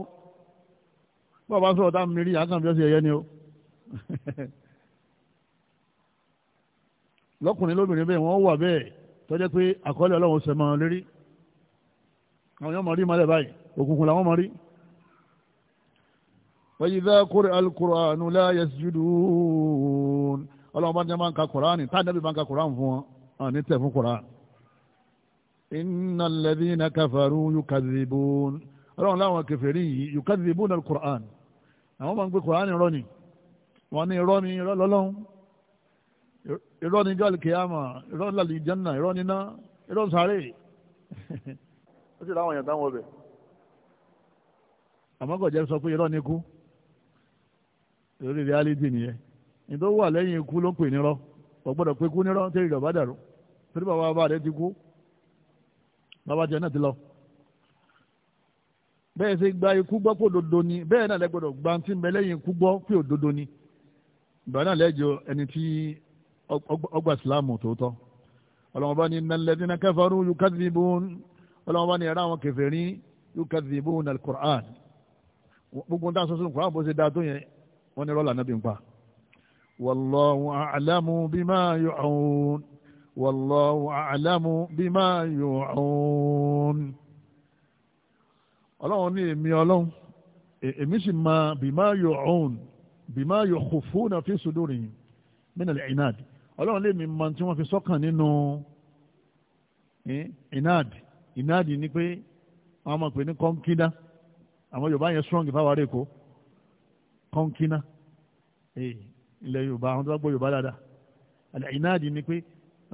bọ́ọ̀ bá sọ̀rọ̀ táwọn mìíràn àkàn fi ọ̀sẹ̀ ẹ̀yẹ ni o lọ́kùnrin lóbìnrin bẹ́ẹ̀ wọ́n wà bẹ́ẹ̀ tọ́jẹ́ pé àkọọ́lẹ̀ ọlọ́run ṣẹ̀ lérí àwọn èèyàn mọ̀ rí malẹ̀ báyìí òkùnkùn làwọn máa rí. wa idha quri'a al-Qur'anu la yasjudun ọlọ́run bá jẹ́ máa ń ka kùránì tá ànábì máa ń ka kùránì fún wọn àwọn ní tẹ̀ fún kùránì. innal ladhina kafaru yukadhibun ọlọ́run láwọn kèfèrí yìí yukadhibun al-Qur'ani àwọn máa ń gbé kùránì rọ́ ni wọ́n ní irọ́ ni irọ́ lọ́lọ́run irọ́ ni jọ́ àlùkìyàmà irọ́ lálẹ́ ìjánná irọ́ níná irọ́ sáré ó sì láwọn èèyàn táwọn ọbẹ̀ àmọ́ kò jẹ́ sọ pé irọ́ ni kú lórí reality nìyẹn ní tó wà lẹ́yìn ikú ló ń pè nírọ́ kò gbọ́dọ̀ pé kú nírọ́ tẹ́lẹ̀ ìdọ̀bá dàrú torí bàbá bàbá rẹ ti kú bàbá jẹ náà ti lọ bẹ́ẹ̀ ṣe gba ikú gbọ́ pé òdodo ni bẹ́ẹ̀ náà lẹ gbọ́dọ̀ gba ti ń bẹ lẹ́yìn ikú gbọ́ pé òdodo ni ìgbà náà lẹ́jọ ẹni tí ọgbà ìsìláàmù tòótọ́ ọlọ́wọ́n bá ní innalladhina kafaru yukadhibun ẹ̀rọ àwọn kèfèrí yukadhibun al gbogbo dáa sọ́sọ́ nǹkan àbọ̀ṣe dáa tó yẹn wọ́n ní rọ́lá náà bí n pa. wallahu a'lamu bima yu'un wallahu a'lamu bima yu'un. ọlọ́run ní èmi ọlọ́run èmi sì máa bima yu'un bima yukhfuna fi sudurihim min al-inad ọlọ́run lè mi mọ tí wọ́n fi sọ́kàn nínú eh, inad inad ni pé wọ́n máa pè ní kọ́ńkídá àwọn yorùbá yẹn strong ìfáwárí èkó kọ́ńkínà ilẹ̀ yorùbá àwọn tó bá gbọ́ yorùbá dáadáa àlẹ́ ìnáàdì ni pé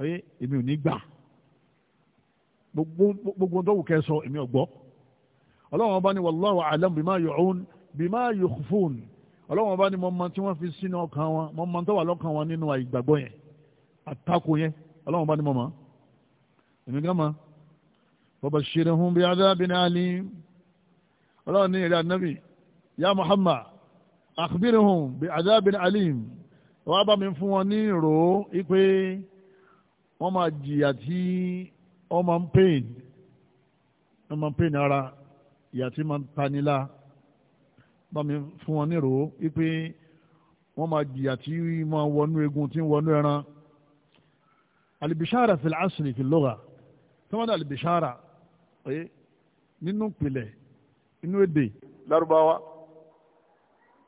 ọyẹ èmi ò ní gbà gbogbo ń dọ́wù kẹsọ èmi ò gbọ́ ọlọ́run ọba ni wallahu a'lam bima yu'un bima yukhfun ọlọ́run ọba ni mo mọ tí wọ́n fi sínú ọkàn wọn mo mọ tó wà lọ́kàn wọn nínú àìgbàgbọ́ yẹn àtakò yẹn ọlọ́run ọba ni mo mọ èmi gan mọ babashirhum bi'adhabin alim ọlọ́run ní ìrẹ́ anábì ya muhammad akhbirhum bi adabin alim wọ́n bá mi fún wọn ní ìró ipe wọ́n máa jìyà tí wọ́n máa ń pain wọ́n máa ń pain ara ìyà tí máa ń tanilá bá mi fún wọn ní ìró ipe wọ́n máa jìyà tí máa wọnú egun tí ń wọnú ẹran alibishara fil asri tí wọ́n dá alibishara nínú ìpìlẹ̀ inú èdè lárúbáwá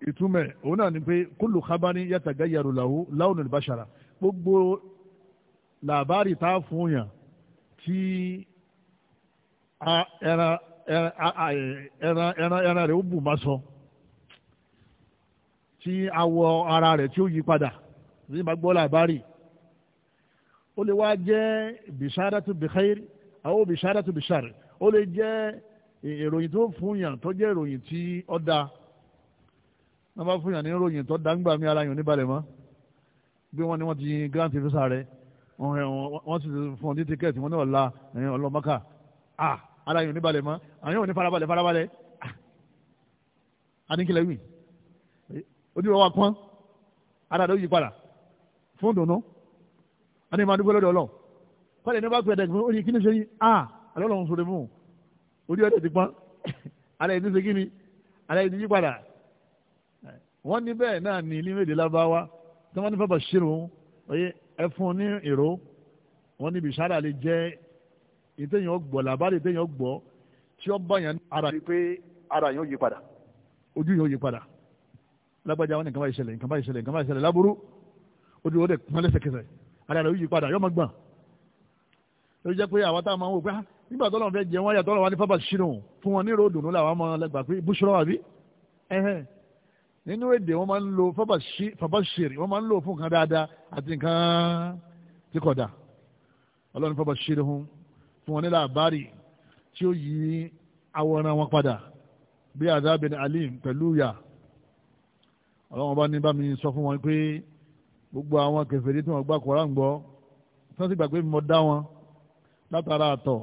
ìtumẹ̀ òun náà ni pé kúlù kábání yàtàgá yàrá làwù láwùn olùbáṣara gbogbo làbárì tá a fún yàn tí ẹran ẹran ẹran rẹ̀ ó bù má sọ tí awọ ara rẹ̀ tí ó yí padà ní ma gbọ́ làbárì ó lè wá jẹ́ bìsára tó bìkhair ó lè jẹ́ ìròyìn tó fún yàn tó jẹ́ ìròyìn tí ó da wọ́n bá fún yàn ní ìròyìn tó da ńgbà mí ara yàn níbalẹ̀ mọ́ bí wọ́n ní wọ́n ti grant visa rẹ̀ wọ́n ti fún ọ ní tíkẹ́ẹ̀tì wọ́n ní ọ̀la ọlọ́mọ́kà ara yàn níbalẹ̀ mọ́ àyàn ò ní farabalẹ̀ farabalẹ̀ anikilẹ̀ wì ojúlọ wa pọ́n ara rẹ̀ ó yí padà fún dùnú a ní dúpẹ́ lọ́dọ̀ ọlọ́ kọ́lẹ̀ ní bá pẹ́ kí ni ṣe yí a àlọ́ orí ọ̀tẹ̀ ti pọ́n ara ẹni ṣe ni ara ẹni yí padà wọ́n ní bẹ́ẹ̀ náà ní nínú èdè lábáwá tí wọ́n ní fẹ́ bá ṣírò oyè ẹfun ní ìró wọ́n ní bìṣára lè jẹ́ ìtẹ̀yìn ọgbọ̀ làbárí ìtẹ̀yìn ọgbọ̀ tí ó bá yàn ara yìí pé ara yìí ó yí padà ojú yìí ó yí padà lágbájá wọn ní nǹkan bá ìṣẹ̀lẹ̀ nǹkan bá ìṣẹ̀lẹ̀ láburú ojú ó dẹ̀ pọ́n lẹ́sẹ̀kẹsẹ̀ ara rẹ̀ ó yí padà yọ́ mọ́ gbọ̀n ló jẹ́ pé àwọn táwọn máa ń wò pé ah, nígbà tó lọ́n fẹ́ jẹ wọ́n yàtọ̀ lọ́wọ́ ní fábà ṣínú fún wọn ní ròdùnú làwọn máa lẹ́gbà pé búṣọ́rọ́ àbí nínú èdè wọ́n máa ń lo fábà ṣèrè wọ́n máa ń lo fún nǹkan dáadáa àti nǹkan tí kò dà ọlọ́run fábà ṣèrè hun fún wọn ní làbárì tí ó yí àwòrán wọn padà bí azabin alim pẹ̀lú yà ọlọ́run bá ní bá mi sọ fún wọn pé gbogbo àwọn kèfèrí tí wọ́n gbà Kùránì gbọ́ tí wọ́n sì gbàgbé mi dá wọn látara àtọ̀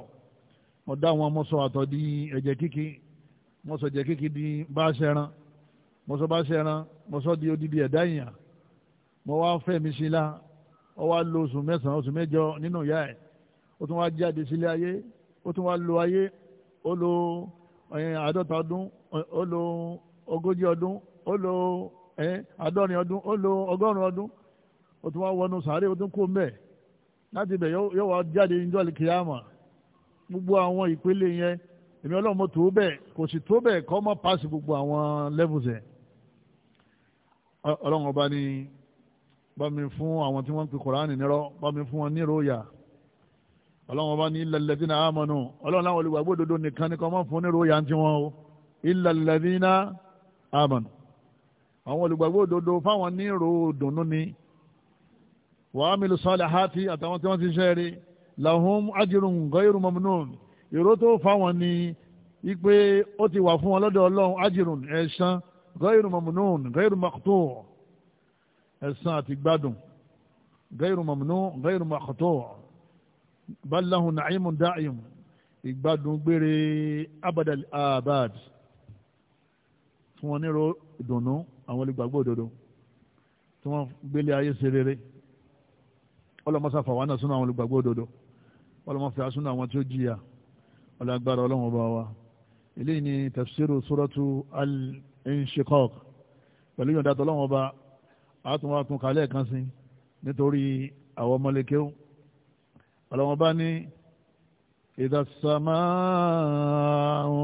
mo dá wọn àtọ̀ di ẹ̀jẹ̀ kíkì mo ẹ̀jẹ̀ kíkì di bá a ṣẹran mo sọ bá a ṣẹran mo sọ di odidi ẹ̀dá èèyàn mo wá fẹ̀mí sí la ó wá lo oṣù mẹ́sàn-án oṣù mẹ́jọ nínú ìyá ẹ̀ ó tún wá jáde sílé ayé ó tún wá lo ayé ó lo àádọ́ta ọdún ó lo ogójì ọdún ó lo àádọ́rin ọdún ó lo ọgọ́rùn-ún ọdún ó tún wá wọnú sàárè ó tún kú mbẹ́ láti ibẹ̀ yóò wá jáde níjọ́ kíyámà gbogbo àwọn ìpele yẹn èmi ọlọ́run mo tó bẹ́ẹ̀ kò sì tó bẹ́ẹ̀ kọ́ mọ́ pass gbogbo àwọn levels ẹ̀ ọlọ́run ọba ni bá mi fún àwọn tí wọ́n ń pe Kùránì nírọ́ bá mi fún wọn nírò yà ọlọ́run ọba ní ilẹ̀lẹ́dínà àmọ́nù ọlọ́run láwọn olùgbàgbọ́ òdodo nìkan ni kọ́ mọ́ fún nírò yà ń tí o ilẹ̀lẹ́dínà àmọ́nù àwọn olùgbàgbọ́ òdodo fáwọn nírò dùnú ni wàhámi lùsọ́ọ̀lẹ̀ hàtì àtàwọn tí wọ́n ti ṣẹ́ẹ̀rẹ́ lahum ajrun ghayru mamnun ìró tó fáwọn ni wípé ó ti wà fún wọn lọ́dọ̀ ọlọ́run ajrun ẹ̀san ghayru mamnun ghayru maqtu' ẹ̀san àti gbádùn ghayru mamnun ghayru maqtu' bal lahum na'imun da'im ìgbádùn gbére abadal abad fún wọn nírò ìdùnnú àwọn olùgbàgbọ́ òdodo tí wọ́n gbélé ayé ṣe rere ọlọ́mọsáfà wà náà sínú àwọn olùgbàgbọ́ òdodo ọlọ́mọ fi asúnà àwọn tí ó jìyà ọlágbára ọlọ́run ọba wa eléyìí ni tafsiru suratu al-inshiqaq pẹ̀lú yọ̀ǹda tọ́lọ́run ọba àtúnwàtún kálẹ̀ kan sí nítorí àwọn ọmọlẹ́kẹ́wò ọlọ́run ọba ní idha samaa'u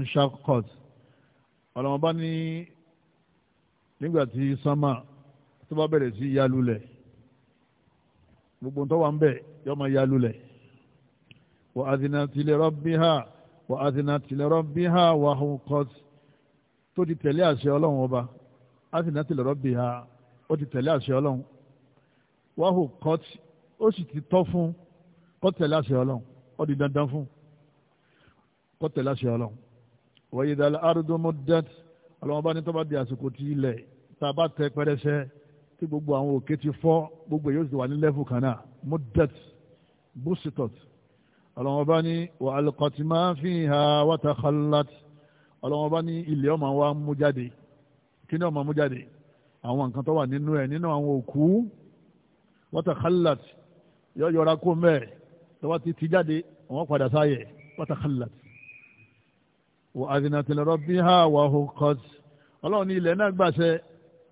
nshaqqat ọlọ́run ọba ní nígbà tí sánmà tó bá bẹ̀rẹ̀ sí yálulẹ̀ gbogbo ntọ́wà ń bẹ̀ yọ́ máa yálulẹ̀ وأذنت لربها وأذنت لربها وحقت tó ti tẹ̀lé àṣẹ ọlọ́run ọba أذنت لربها ó ti tẹ̀lé àṣẹ ọlọ́run وحقت ó sì ti tọ́ fún kó tẹ̀lé àṣẹ ọlọ́run ó di dandan fún kó tẹ̀lé àṣẹ ọlọ́run وإذا الأرض مدت ọlọ́run ọba ní tó bá di àsìkò tí ilẹ̀ tá a bá tẹ pẹrẹsẹ tí gbogbo àwọn òkè ti fọ́ gbogbo yóò sì wà ní lẹ́fù kan náà mudat busitot ọlọ́wọ́n bá ní wà alùkọ̀tì máa fi ha wọ́ta kọ́láàtì ọlọ́wọ́n bá ní ilẹ̀ ọmọ wa mú jáde kí ni ọmọ mú jáde àwọn nǹkan tó wà nínú ẹ̀ nínú àwọn òkú wọ́ta kọ́láàtì yọ yọra kó mẹ́ẹ̀ tó wá ti ti jáde wọ́n padà sáyẹ̀ wọ́ta kọ́láàtì wà àdìnàtìlọ́rọ́ bí ha wà hókọ́t ọlọ́wọ́n ní ilẹ̀ náà gbàṣẹ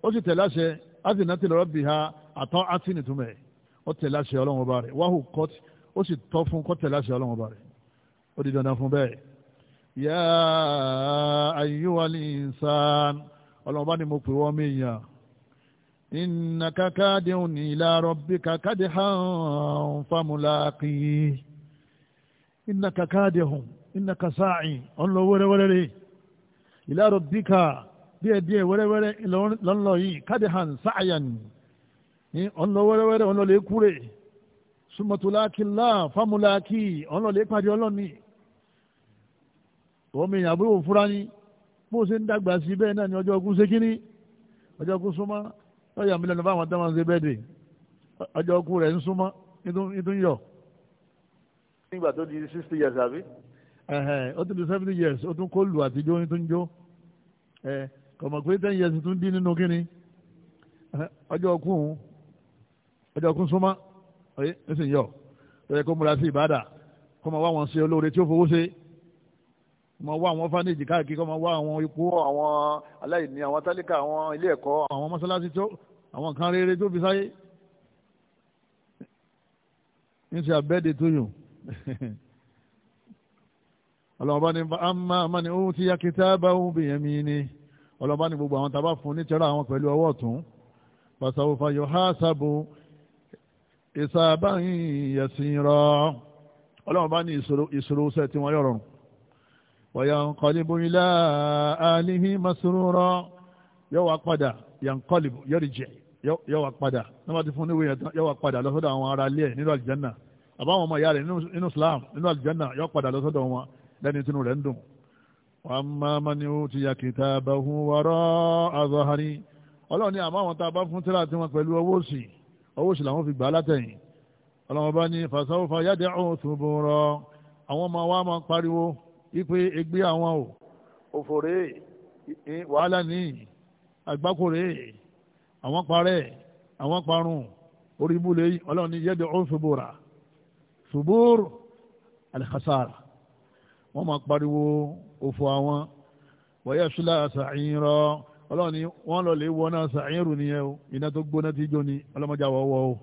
ó sì tẹ̀lé àṣẹ àdìnàtìlọ́rọ́ bí ha àtọ́ àtìnìtúmẹ̀ ó tẹ̀lé àṣẹ ọlọ́wọ́n bá rẹ̀ wà hókọ́t ó sì tọ́ fún kọ́tẹ̀lá sí ọlọ́run ọba rẹ̀ ó di dandan fún bẹ́ẹ̀. yá ayyuhal insan ọlọ́run bá ní mo pè wọ́n mí yàn innaka kadihun ila rabbika kadihan famulaqi innaka kadihun innaka sa'i ọ̀nlọ wẹ́rẹ́wẹ́rẹ́ rẹ̀ ila rabbika díẹ̀díẹ̀ wẹ́rẹ́wẹ́rẹ́ lọ́nlọ yìí kadihan sa'yan ọ̀nlọ wẹ́rẹ́wẹ́rẹ́ ọ̀nlọ lè kúrè sumatulakila famulaki ọlọ́lẹ̀ pàdé ọlọ́ni omi àbúrò fúra ní bó ṣe ń dàgbà sí bẹ́ẹ̀ náà ni ọjọ́ ogun ṣe kíní ọjọ́ ogun súnmọ́ lọ́yà mílíọ̀nù bá àwọn dáhùn ṣe bẹ́ẹ̀ dè ọjọ́ ogun rẹ̀ ń súnmọ́ nítorí yọ. nígbà tó di sixty years àbí. ó ti di seventy years ó tún kó lù àtijọ́ ní tó jó kọ̀mọ̀ pé ten years tún dín nínú kíní ọjọ́ ogun ọjọ́ ogun súnmọ́ ọyẹ nísìnyí yọ lọ́yẹ kó múra sí ìbádà kó máa wá wọn ṣe olóore tí ó fowó ṣe kó máa wá àwọn fánéèjì káàkiri kó máa wá àwọn ipò àwọn aláìní àwọn tálíkà àwọn ilé ẹ̀kọ́ àwọn mọ́sálásí tó àwọn kan rere tó fi sáyé ní ti àbẹ́dẹ tó yùn ọlọ́ọ̀bá ni àmà àmà ni ohun tí ya kìtàbà ohun bí yẹn mi ni ọlọ́ọ̀bá ni gbogbo àwọn tàbá fún nítorí àwọn pẹ̀lú ọwọ́ ọ̀tún pàṣẹ òfàyọ̀ háàsàbò ìsàbá yẹ̀sìn rọ ọlọ́run bá ní ìṣòro ṣẹ́ tí wọ́n yọ̀rọ̀ wọ̀yà ńkọlíbù ilá àlìhí masrúra yóò wá padà yànkọlíbù yọ̀rìjẹ̀ yóò wá padà níwọ̀n ti fún níwèé yẹn yóò wá padà lọ́sọ́dọ̀ àwọn ará ilé ẹ̀ nínú àlìjánà àbáwọn ọmọ ìyá rẹ̀ nínú Islam nínú àlìjánà yóò padà lọ́sọ́dọ̀ wọn lẹ́ni tinú rẹ̀ ń dùn. wàá máa ma ni owó sì làwọn fi gbà látẹ̀yìn ọlọ́wọ́n bá ní fàṣàwọ́fà yáde ọ̀hún ṣubúrọ̀ àwọn ọmọ wa máa pariwo ipe egbé àwọn o òfòrè wàhálà ní àgbákòrè àwọn parẹ́ àwọn parun orí ibú lè ọlọ́run ní yáde ọ̀hún ṣubúrà ṣubúr alìkàsára wọ́n máa pariwo òfò àwọn wọ́yẹ̀ ṣúlá àṣà ìyìn rọ̀ ọlọ́run ni wọ́n lọ lè wọ́n náà sàáyẹ̀rù nìyẹn o iná tó gbóná tí jó ni ọlọ́mọjà wọ́wọ́ o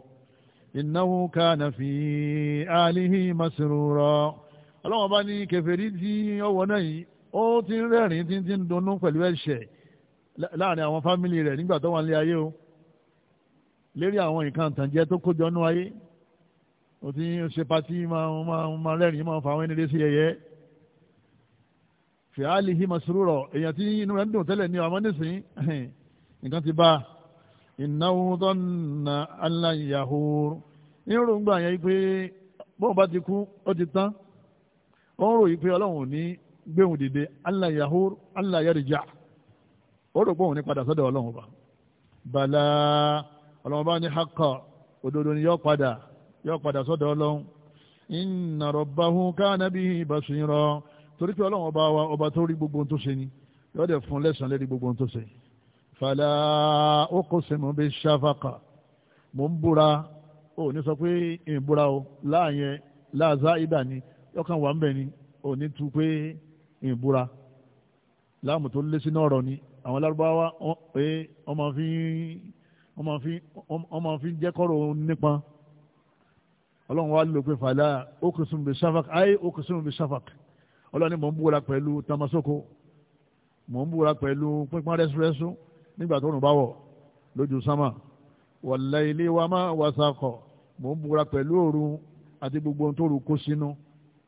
innahu kana fi alihi masrura ọlọ́run bá ní kẹfẹ́rí tí ọwọ́ náà yìí ó ti ń rẹ́rìn tí ti ń dunnú pẹ̀lú ẹ̀ṣẹ̀ láàrin àwọn fámìlì rẹ̀ nígbà tó wà nílé ayé o lérí àwọn nǹkan àtànjẹ tó kójọ ayé ó ti ń ṣe patí máa rẹ́rìn máa ń fa àwọn ẹni fìhálì hí masurúrọ̀ èèyàn tí inú rẹ̀ ń dùn tẹ́lẹ̀ ní ọmọ nísìn nǹkan ti bá ìnáwó tó na aláyàhóró níròǹgbà yẹn pé bóun bá ti kú ó ti tán ó ń ròyìn pé ọlọ́run ò ní gbéhùn dìde aláyàhóró aláyàrìjà ó rò pé òun ní padà sọ́dọ̀ ọlọ́run ọlọ́run bá ní hakọ òdodo ni torí pé ọlọ́run ọba wa ọba tó rí gbogbo ohun tó ṣe ni yóò dẹ̀ fún lẹ́sàn lérí gbogbo ohun tó ṣe fàlà uqsimu bish-shafaqa mò ń búra ò ní sọ pé ìbúra o láàyẹn láàzá ìdà ni yọkàn wà ń bẹ̀ ni ò ní tu pé ìbúra láàmù tó lé sínú ọ̀rọ̀ ni àwọn lárúbáwá pé ọmọ fi ọmọ fi jẹ́ kọ́rọ̀ nípa ọlọ́run wa lò pé fàlà uqsimu bish-shafaq ayé uqsimu bish-shafaq ọlọ́ni mò ń búra pẹ̀lú tamasoko mò ń búra pẹ̀lú pínpín rẹ́súrẹ́sú nígbà tó rùn bá wọ̀ lójú sámà wal-layli wa ma wasaqa mò ń búra pẹ̀lú òru àti gbogbo ohun tó rù kó sínú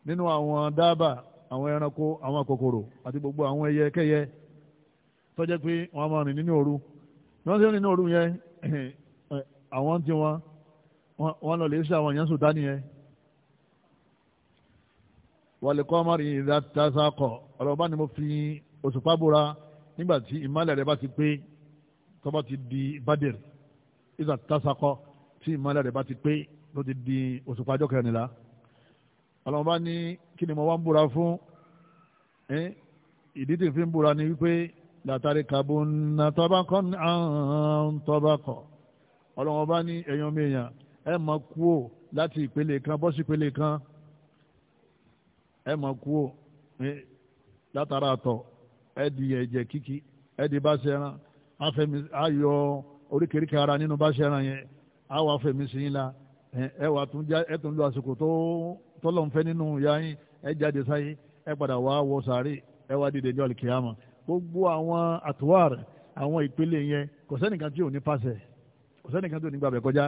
nínú àwọn dábà àwọn ẹranko àwọn kòkòrò àti gbogbo àwọn ẹyẹ kẹyẹ tó jẹ́ pé wọ́n máa rìn nínú òru bí ti rìn nínú òru yẹn àwọn tí wọ́n lọ lè ṣe àwọn èèyàn sùn dání yẹn wàlíkọ́mọ́rì ìdá tasakọ̀ ọ̀rọ̀ bá ní mo fi òṣùpá búra nígbà tí ìmọ̀lẹ̀ rẹ̀ bá ti pé tó bá ti di bádìrì ìdá tasakọ̀ tí ìmọ̀lẹ̀ rẹ̀ bá ti pé ló ti di òṣùpá ọjọ́ kẹrìnlá ọlọ́run bá ní kí ni mo wá ń búra fún ìdí tí n fi ń búra ni wípé látàrí kàbọ̀nà tọ́bákọ́ àwọn tọ́bákọ́ ọlọ́run bá ní ẹ̀yàn mi èèyàn ẹ̀ máa kú láti ìpele kan bọ́sí ìpele kan ẹ mọ̀ kú o látara àtọ̀ ẹ di ẹ̀jẹ̀ kíkí ẹ di báṣẹ ẹran afẹ́mi ayọ oríkèéríkèé ara nínú báṣẹ ẹran yẹn á wà fẹ̀mí sí yín la ẹ wà tún já ẹ tún lo àsìkò tó tọ́lọ̀ ń fẹ́ nínú ìyá yín ẹ jáde sáyé ẹ padà wá wọ sàárè ẹ wá dìde jọ́ àlìkìyàmà gbogbo àwọn àtúwàr àwọn ìpele yẹn kò sẹ́nìkan tí ò ní pàṣẹ kò sẹ́nìkan tí ò ní gbàgbẹ́ kọjá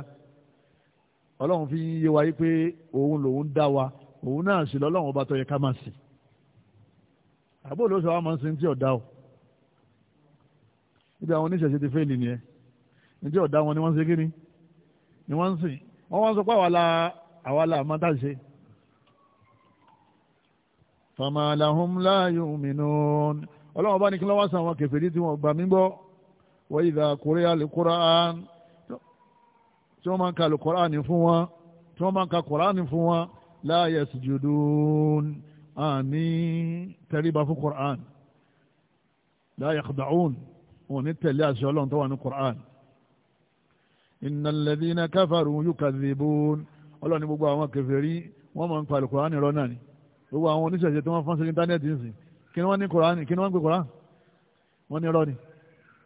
ọlọ́run fi yé wa yí pé òun lòun dá wa òun náà sì lọ́lọ́run ọba tó yẹ ká máa sì àbó olóṣèlú àwọn máa ń sin tí ọ̀dá o níbi àwọn oníṣẹ̀ṣe ti fẹ́ẹ̀lì nìyẹn ní tí wọn ni wọ́n ń ṣe kíni ni wọ́n ń sìn wọ́n wá sọ pé àwa la àwa la máa dá ṣe. fama lahum la yu'minun ọlọ́run ọba ní kí ló wá sàn àwọn kèfèrí tí wọ́n gbà mí gbọ́ wa idha quri'a al-Qur'an tí wọ́n máa ń ka al-Qur'an fún wọn tí wọ́n máa ń ka Qur'an fún wọn la yasjudun àní tẹríba fún Qur'an la yakhda'un wọn ní tẹ̀lé àṣẹ ọlọ́run tó wà ní Qur'an innal ladhina kafaru yukadhibun ọlọ́run ní gbogbo àwọn kèfèrí wọ́n máa ń pa Qur'an rọ́ náà ni gbogbo àwọn oníṣẹ̀ṣẹ̀ tí wọ́n fọ́n sí íńtánẹ́ẹ̀tì ń sìn kí ni wọ́n ní Qur'an kí ni wọ́n ń pè Qur'an wọ́n ní rọ́ ni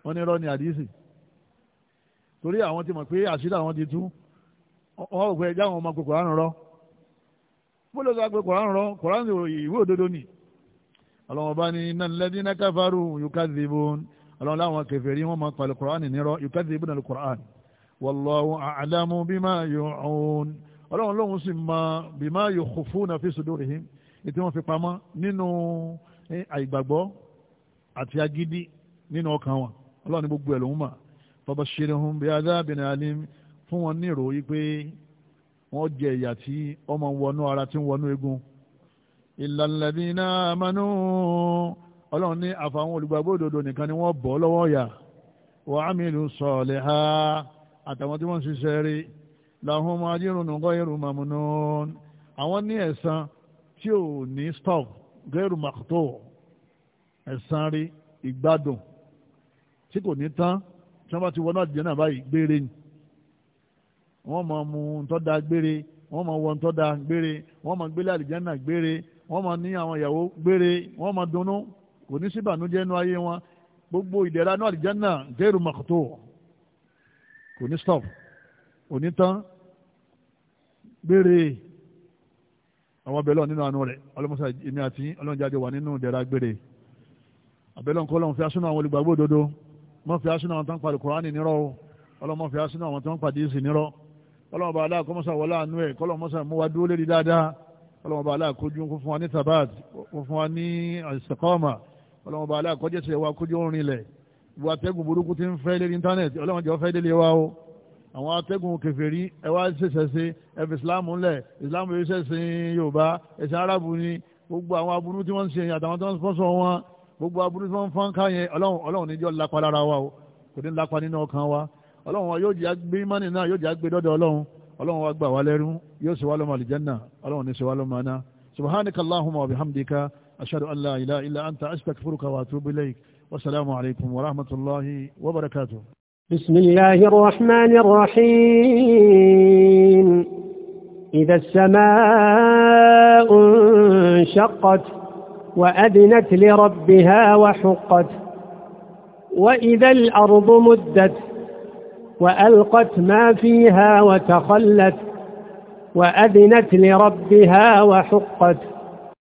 wọ́n ní rọ́ ni àdìsí torí àwọn ti mọ̀ pé àṣírí àwọn ti tú wọ́n rò pé bó ló sọ pé koran rọ koran ìwé òdodo ni ọlọ́wọ́n bá ní iná lẹ́dí iná káfárù yukadhibun ọlọ́wọ́n láwọn kèfèrí wọn máa pàlẹ́ koran nírọ́ yukadhibun al-Qur'an wallahu a'lamu bima yu'un ọlọ́wọ́n lóhun sì mọ bima yukhfuna fi sudurihim ètò wọn fi pamọ́ nínú àìgbàgbọ́ àti agídí nínú ọkàn wọn ọlọ́wọ́n ní gbogbo ẹ̀ lòún mà fabashirhum wọ́n jẹ ìyà tí ọmọ wọnú ara tí ń wọnú egun ìlànàdínà amánú ọlọ́run ní àfàwọn olùgbàgbọ́ òdodo nìkan ni wọ́n bọ́ lọ́wọ́ yà wà á mìíràn sọ̀ọ̀lẹ̀ ha àtàwọn tí wọ́n ń ṣiṣẹ́ rí làwọn ọmọ ajírun nùgọ́ ẹrù màmúnú àwọn ní ẹ̀san tí ò ní stop gẹ́rù màkútó ẹ̀san rí ìgbádùn tí kò ní tán tí wọ́n bá ti wọ́n náà náà báyìí gbére ni wọ́n máa mu ntọ́da gbére wọ́n máa wọ ntọ́da gbére wọ́n máa gbélé àlìjánà gbére wọ́n máa ní àwọn ìyàwó gbére wọ́n máa dunnú kò ní síbànújẹ́ inú ayé wọn gbogbo ìdẹ̀ra inú àlìjánà gẹ́rù màkútó kò ní stop kò ní tán gbére àwọn abẹ́lọ́ nínú àánú rẹ̀ ọlọ́mọṣà èmi àti ọlọ́njáde wà nínú ìdẹ̀ra gbére abẹ́lọ́ nǹkan ọlọ́run fi asúnà àwọn olùgbàgbọ́ òdodo wọ́n fi asúnà àwọn tó ń parí kùránì nírọ́ ọlọ́mọ fi asúnà àwọn tó ń pàdé ìsìn nírọ́ kọ́lọ́mọ bá aláà kọ́mọ́sà wọlé àánú ẹ̀ kọ́lọ́mọ sà mú wa dúró lédi dáadáa kọ́lọ́mọ bá aláà kójú kó fún wa ní sabat kó fún wa ní àṣekọ́ọ̀mà kọ́lọ́mọ bá aláà kọ́jẹ́sẹ̀ wa kójú orin lẹ̀ ìwà atẹ́gùn burúkú ti ń fẹ́ lérí íńtánẹ̀tì ọlọ́mọ jọ fẹ́ délé wa o àwọn atẹ́gùn kèfèrí ẹ wá ṣẹ̀ṣẹ̀ ṣe ẹ fi ìsìláàmù ńlẹ̀ ìsìláàmù yorùbá ẹ̀sìn arábù ni gbogbo àwọn aburú tí wọ́n ń ṣe àtàwọn tí wọ́n ń wọn gbogbo aburú tí wọ́n ń fọ́nká yẹn ọlọ́run níjọ́ lápá lára wa o kò ní lápá nínú ọkàn wa ọlọ́run wa yóò jẹ́ gbé mọ́nì náà yóò jẹ́ gbé dọ́dọ̀ ọlọ́run ọlọ́run wa gbà wá lẹ́rún yóò ṣe wá lọ́mọ àlìjẹ́nà ọlọ́run ní ṣe wá lọ́mọ aná subhanaka allahumma wa bihamdika ashhadu an la ilaha illa anta astaghfiruka wa atubu ilayk wasalaamu alaykum wa rahmatulahi wa barakatuh. بسم الله الرحمن الرحيم إذا السماء انشقت وأذنت لربها وحقت وإذا الأرض مدت وألقت ما فيها وتخلت وأذنت لربها وحقت